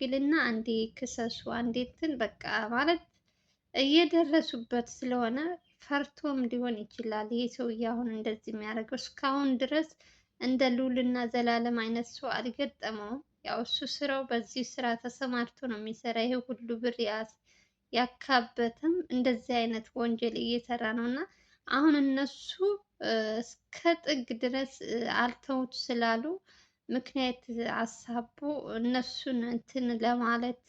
ቢልና አንዴ ክሰሱ አንዴ እንትን በቃ ማለት እየደረሱበት ስለሆነ ፈርቶም ሊሆን ይችላል። ይሄ ሰውዬ አሁን እንደዚህ የሚያደርገው እስካሁን ድረስ እንደ እና ዘላለም አይነት ሰው አልገጠመውም። ያው እሱ ስራው በዚህ ስራ ተሰማርቶ ነው የሚሰራ። ይሄ ሁሉ ብር ያካበትም እንደዚህ አይነት ወንጀል እየሰራ ነው እና አሁን እነሱ እስከ ጥግ ድረስ አልተውት ስላሉ ምክንያት አሳቡ እነሱን እንትን ለማለት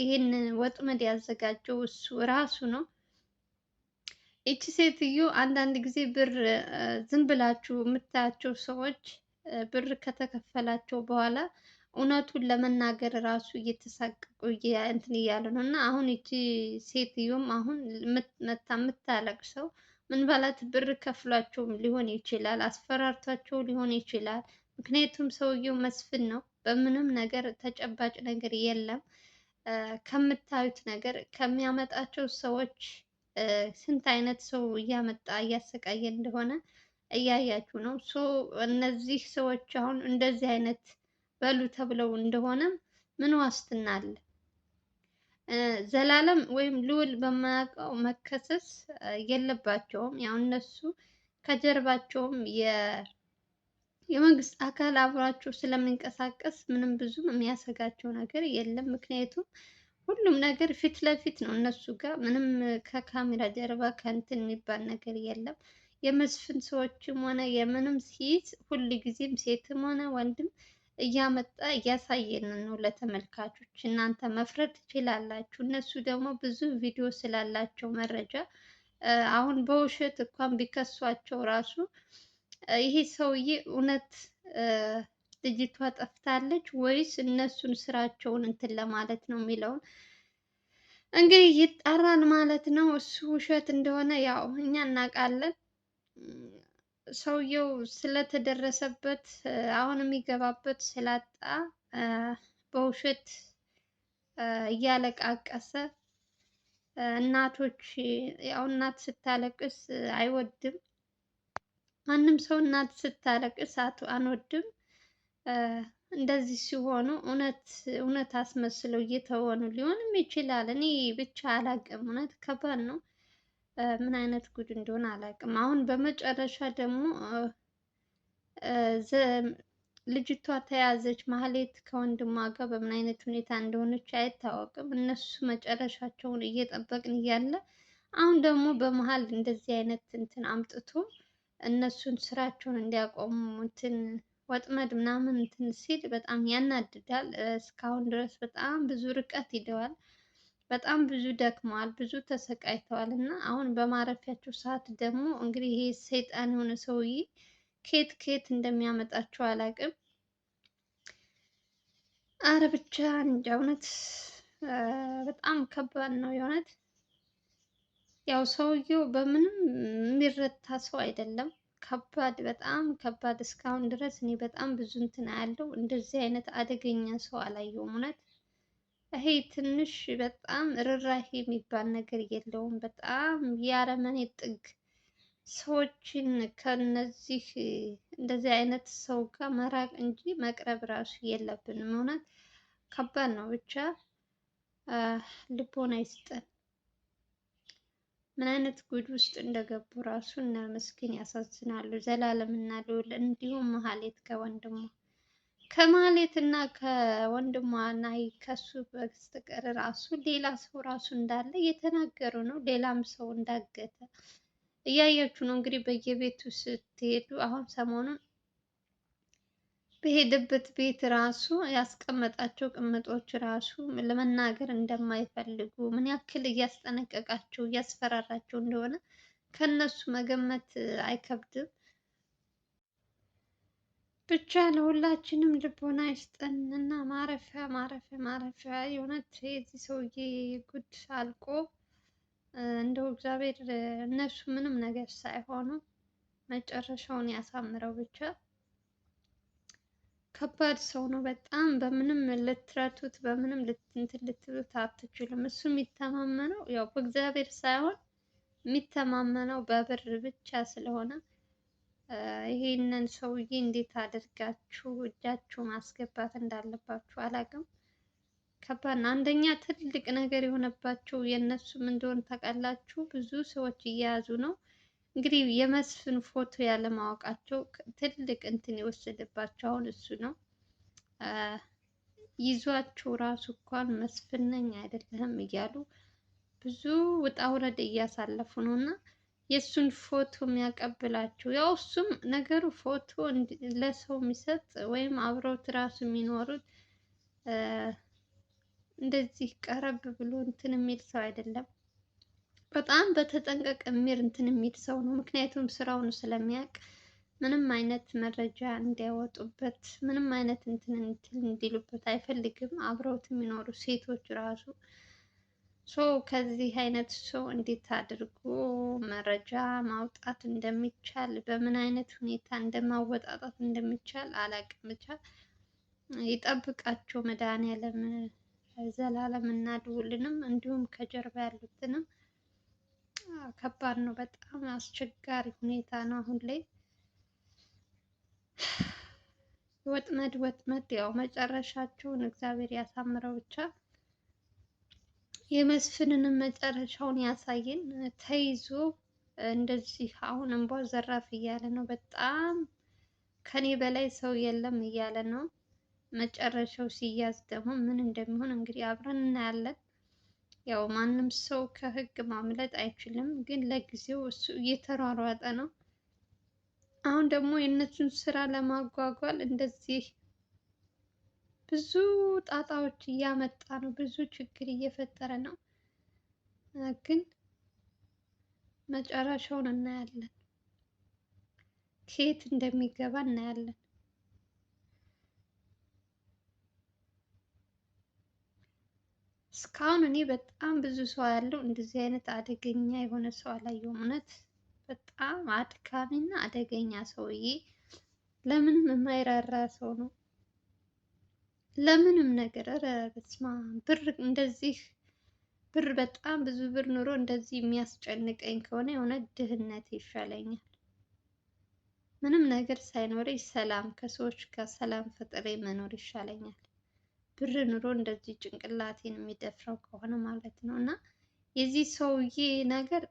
ይህን ወጥመድ ያዘጋጀው እሱ ራሱ ነው። ይቺ ሴትዮ አንዳንድ ጊዜ ብር ዝም ብላችሁ የምታያቸው ሰዎች ብር ከተከፈላቸው በኋላ እውነቱን ለመናገር ራሱ እየተሳቀቁ እንትን እያሉ ነው። እና አሁን ይቺ ሴትዮም አሁን መታ የምታለቅሰው ምን ባላት ብር ከፍሏቸውም ሊሆን ይችላል፣ አስፈራርቷቸው ሊሆን ይችላል። ምክንያቱም ሰውየው መስፍን ነው። በምንም ነገር ተጨባጭ ነገር የለም። ከምታዩት ነገር ከሚያመጣቸው ሰዎች ስንት አይነት ሰው እያመጣ እያሰቃየ እንደሆነ እያያችሁ ነው። ሶ እነዚህ ሰዎች አሁን እንደዚህ አይነት በሉ ተብለው እንደሆነም ምን ዋስትና አለ? ዘላለም ወይም ልዑል በማያውቀው መከሰስ የለባቸውም። ያው እነሱ ከጀርባቸውም የመንግስት አካል አብሯቸው ስለሚንቀሳቀስ ምንም ብዙም የሚያሰጋቸው ነገር የለም። ምክንያቱም ሁሉም ነገር ፊት ለፊት ነው እነሱ ጋር ምንም ከካሜራ ጀርባ ከእንትን የሚባል ነገር የለም። የመስፍን ሰዎችም ሆነ የምንም ሲይዝ ሁል ጊዜም ሴትም ሆነ ወንድም እያመጣ እያሳየን ነው ለተመልካቾች። እናንተ መፍረድ ትችላላችሁ። እነሱ ደግሞ ብዙ ቪዲዮ ስላላቸው መረጃ አሁን በውሸት እንኳን ቢከሷቸው ራሱ ይሄ ሰውዬ እውነት ልጅቷ ጠፍታለች ወይስ እነሱን ስራቸውን እንትን ለማለት ነው የሚለውን እንግዲህ ይጣራል ማለት ነው። እሱ ውሸት እንደሆነ ያው እኛ እናውቃለን። ሰውየው ስለተደረሰበት አሁን የሚገባበት ስላጣ በውሸት እያለቃቀሰ እናቶች ያው እናት ስታለቅስ አይወድም። ማንም ሰው እናት ስታለቅስ አንወድም። እንደዚህ ሲሆኑ እውነት እውነት አስመስለው እየተሆኑ ሊሆንም ይችላል። እኔ ብቻ አላቅም። እውነት ከባድ ነው። ምን አይነት ጉድ እንደሆነ አላቅም። አሁን በመጨረሻ ደግሞ ልጅቷ ተያዘች። ማህሌት ከወንድሟ ጋር በምን አይነት ሁኔታ እንደሆነች አይታወቅም። እነሱ መጨረሻቸውን እየጠበቅን እያለ አሁን ደግሞ በመሀል እንደዚህ አይነት እንትን አምጥቶ እነሱን ስራቸውን እንዲያቆሙ እንትን ወጥመድ ምናምን እንትን ሲል በጣም ያናድዳል። እስካሁን ድረስ በጣም ብዙ ርቀት ሂደዋል። በጣም ብዙ ደክመዋል። ብዙ ተሰቃይተዋል። እና አሁን በማረፊያቸው ሰዓት ደግሞ እንግዲህ ይሄ ሰይጣን የሆነ ሰውዬ ኬት ኬት እንደሚያመጣቸው አላውቅም። አረ ብቻ እንጃ እውነት በጣም ከባድ ነው የእውነት ያው ሰውየው በምንም የሚረታ ሰው አይደለም። ከባድ በጣም ከባድ። እስካሁን ድረስ እኔ በጣም ብዙ እንትን አያለው። እንደዚህ አይነት አደገኛ ሰው አላየውም። እውነት ይሄ ትንሽ በጣም ርራህ የሚባል ነገር የለውም። በጣም የአረመኔ ጥግ። ሰዎችን ከነዚህ እንደዚህ አይነት ሰው ጋር መራቅ እንጂ መቅረብ ራሱ የለብንም። እውነት ከባድ ነው። ብቻ ልቦና ይስጠን። ምን አይነት ጉድ ውስጥ እንደገቡ ራሱ እነ ምስኪን ያሳዝናሉ። ዘላለም እና ልዑል እንዲሁም መሀሌት ከወንድሟ ከማሌት እና ከወንድሟ ናይ ከሱ በስተቀር ራሱ ሌላ ሰው ራሱ እንዳለ እየተናገሩ ነው። ሌላም ሰው እንዳገተ እያያችሁ ነው እንግዲህ በየቤቱ ስትሄዱ አሁን ሰሞኑን በሄደበት ቤት ራሱ ያስቀመጣቸው ቅምጦች ራሱ ለመናገር እንደማይፈልጉ ምን ያክል እያስጠነቀቃቸው እያስፈራራቸው እንደሆነ ከነሱ መገመት አይከብድም። ብቻ ለሁላችንም ልቦና ይስጠን እና ማረፊያ ማረፊያ ማረፊያ። የእውነት የዚህ ሰውዬ ጉድ አልቆ እንደው እግዚአብሔር እነሱ ምንም ነገር ሳይሆኑ መጨረሻውን ያሳምረው ብቻ። ከባድ ሰው ነው። በጣም በምንም ልትረቱት በምንም እንትን ልትሉት አትችሉም። እሱ የሚተማመነው ያው በእግዚአብሔር ሳይሆን የሚተማመነው በብር ብቻ ስለሆነ ይሄንን ሰውዬ እንዴት አድርጋችሁ እጃችሁ ማስገባት እንዳለባችሁ አላውቅም። ከባድ አንደኛ ትልቅ ነገር የሆነባቸው የእነሱም እንደሆነ ታውቃላችሁ። ብዙ ሰዎች እየያዙ ነው እንግዲህ የመስፍን ፎቶ ያለማወቃቸው ትልቅ እንትን የወሰደባቸው አሁን እሱ ነው። ይዟቸው ራሱ እንኳን መስፍን ነኝ አይደለህም እያሉ ብዙ ውጣ ውረድ እያሳለፉ ነው እና የእሱን ፎቶ የሚያቀብላቸው ያው እሱም ነገሩ ፎቶ ለሰው የሚሰጥ ወይም አብረውት ራሱ የሚኖሩት እንደዚህ ቀረብ ብሎ እንትን የሚል ሰው አይደለም። በጣም በተጠንቀቅ የሚር እንትን የሚል ሰው ነው። ምክንያቱም ስራውን ስለሚያውቅ ምንም አይነት መረጃ እንዳያወጡበት፣ ምንም አይነት እንትን እንዲሉበት አይፈልግም። አብረውት የሚኖሩ ሴቶች ራሱ ሶ ከዚህ አይነት ሰው እንዴት አድርጎ መረጃ ማውጣት እንደሚቻል በምን አይነት ሁኔታ እንደማወጣጣት እንደሚቻል አላቅም። ብቻ ይጠብቃቸው መድኃኒዓለም ዘላለምና ድውልንም እንዲሁም ከጀርባ ያሉትንም ከባድ ነው። በጣም አስቸጋሪ ሁኔታ ነው አሁን ላይ ወጥመድ ወጥመድ ያው መጨረሻቸውን እግዚአብሔር ያሳምረው ብቻ። የመስፍንንም መጨረሻውን ያሳየን። ተይዞ እንደዚህ አሁን እንቧ ዘራፍ እያለ ነው። በጣም ከኔ በላይ ሰው የለም እያለ ነው። መጨረሻው ሲያዝ ደግሞ ምን እንደሚሆን እንግዲህ አብረን እናያለን። ያው ማንም ሰው ከህግ ማምለጥ አይችልም፣ ግን ለጊዜው እሱ እየተሯሯጠ ነው። አሁን ደግሞ የእነሱን ስራ ለማጓጓል እንደዚህ ብዙ ጣጣዎች እያመጣ ነው፣ ብዙ ችግር እየፈጠረ ነው። ግን መጨረሻውን እናያለን፣ ከየት እንደሚገባ እናያለን። እስካሁን እኔ በጣም ብዙ ሰው ያለው እንደዚህ አይነት አደገኛ የሆነ ሰው አላየሁም። እውነት በጣም አድካሚ እና አደገኛ ሰውዬ፣ ለምንም የማይራራ ሰው ነው። ለምንም ነገር ኧረ በስመ አብ ብር እንደዚህ ብር በጣም ብዙ ብር ኑሮ እንደዚህ የሚያስጨንቀኝ ከሆነ የሆነ ድህነት ይሻለኛል። ምንም ነገር ሳይኖረኝ ሰላም ከሰዎች ጋር ሰላም ፈጥሬ መኖር ይሻለኛል። ብር ኑሮ እንደዚህ ጭንቅላቴን የሚደፍረው ከሆነ ማለት ነው። እና የዚህ ሰውዬ ነገር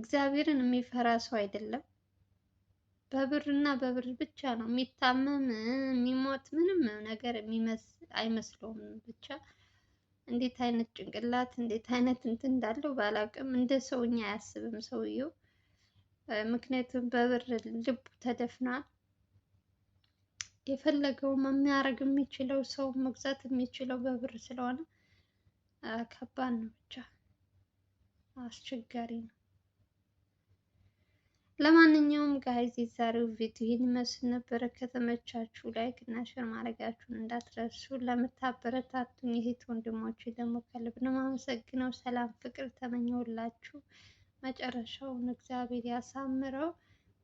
እግዚአብሔርን የሚፈራ ሰው አይደለም። በብር እና በብር ብቻ ነው የሚታመም የሚሞት ምንም ነገር አይመስለውም። ብቻ እንዴት አይነት ጭንቅላት እንዴት አይነት እንትን እንዳለው ባላውቅም እንደ ሰውኛ አያስብም ሰውየው። ምክንያቱም በብር ልቡ ተደፍኗል። የፈለገው የሚያደርግ የሚችለው ሰው መግዛት የሚችለው በብር ስለሆነ ከባድ ነው። ብቻ አስቸጋሪ ነው። ለማንኛውም ጋይዝ የዛሬው ቪዲዮ ይህን ይመስል ነበረ። ከተመቻችሁ ላይክ እና ሼር ማድረጋችሁን እንዳትረሱ። ለምታበረታቱኝ እህት ወንድሞች ደግሞ ከልብ ነው የማመሰግነው። ሰላም ፍቅር ተመኘሁላችሁ። መጨረሻውን እግዚአብሔር ያሳምረው።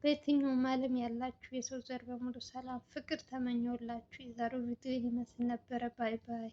በየትኛውም ዓለም ያላችሁ የሰው ዘር በሙሉ ሰላም፣ ፍቅር ተመኘውላችሁ። የዛሬው ቪዲዮ ይመስል ነበረ። ባይ ባይ።